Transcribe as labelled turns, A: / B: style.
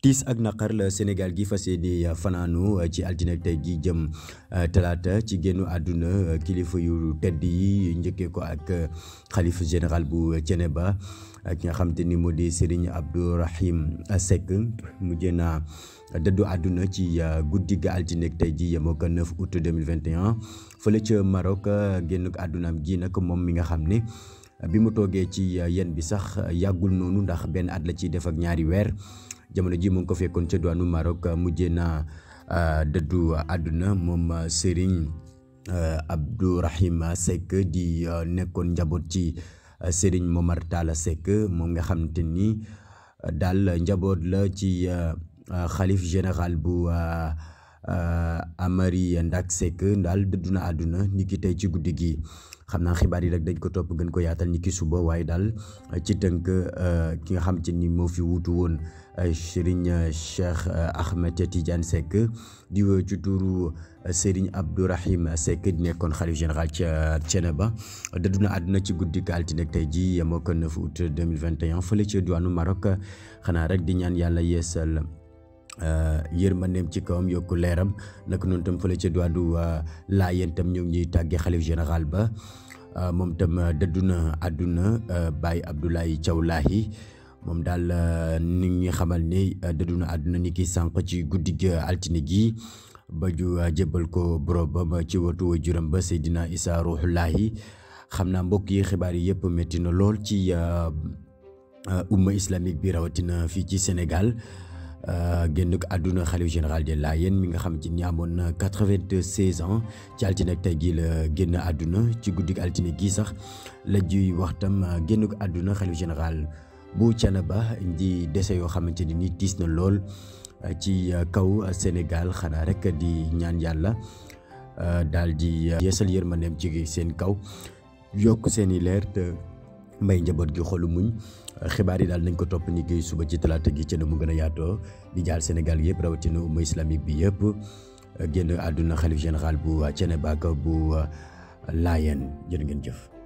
A: tiis ak naqar la Sénégal gi fas yéene euh, fanaanu euh, ci altine tey gi jëm euh, talaata ci génnu àdduna kilifa yu tedd yi njëkkee ko ak xalifa général bu Thiénaba ak nga xamante ni moo di Serigne Abdou Rahim Seck mujjee naa dëddu àdduna ci guddi ga altine tey ji yemoo ko 9 août 2021 fële ca Maroc génn àddunaam gi nag moom mi nga xam ne bi mu toogee ci uh, yéen bi sax uh, yàggul noonu ndax benn at la ciy def ak ñaari weer jamono ji mu ko fekkoon ca diwaanu Maroc uh, mujjee na dëddu àdduna moom Serigne Abdourahim Seck di nekkoon njaboot ci Serigne Momar Talla Seck moom nga xamante ni daal njaboot la ci xalif général bu Amari Ndak Seck daal dëddu na àdduna ki tey ci guddi gi. xam naa xibaar yi rek dañ ko topp gën ko yaatal ni ki suba waaye daal ci tënk euh, ki nga xam te ni moo fi wutu woon euh, Serigne euh, Cheikh Ahmed Tidiane Seck di ci tuuru Serigne Abdourahim Seck di nekkoon xalif général ca Thiénaba dëddu na àdduna ci guddi altine tey jii yemoo ko 9 août 2021 fële ci diwaanu Maroc xanaa rek di ñaan yàlla yeesal. Euh, yërmandeem ci kawam yokk leeram naka noonu tam fële ca doadu euh, laayeen tam ñoom ñuy tàggee xalif général ba euh, moom tam dëdduna àdduna Baye Abdoulaye Thiaw Lahi moom daal ni ñuy xamal ne dëdduna àdduna ni ki sànq ci guddi altine gi ba ju jébbal ko borobam ci watu juróom ba Seydina Issa Ruuhu xam naa mbokk yi xibaar yi yëpp métti na lool ci umma islamique bi rawatina fii ci senegal Euh, génn ko àdduna xalif général des Layènes mi nga xam ci ni amoon na quatre-vingt-deux ci altine ak tey gii la génn àdduna ci guddik altine gii sax la juy waxtam euh, génn ko àdduna xalif général bu ba di dese yoo xamante ni nii tiis na lool euh, ci kaw Sénégal xanaa rek di ñaan yàlla daal di yeesal yërmandeem ci seen kaw yokk seen leer te may njaboot gi xolu muñ xibaar yi daal nañ ko topp ni géey suba ci talaata gi ci na mu gën a yaatoo di jaal senegal yëpp rawatina umma islamique bi yëpp génn àdduna xalif général bu Thiénaba ak bu Laayeen jën ngeen jëf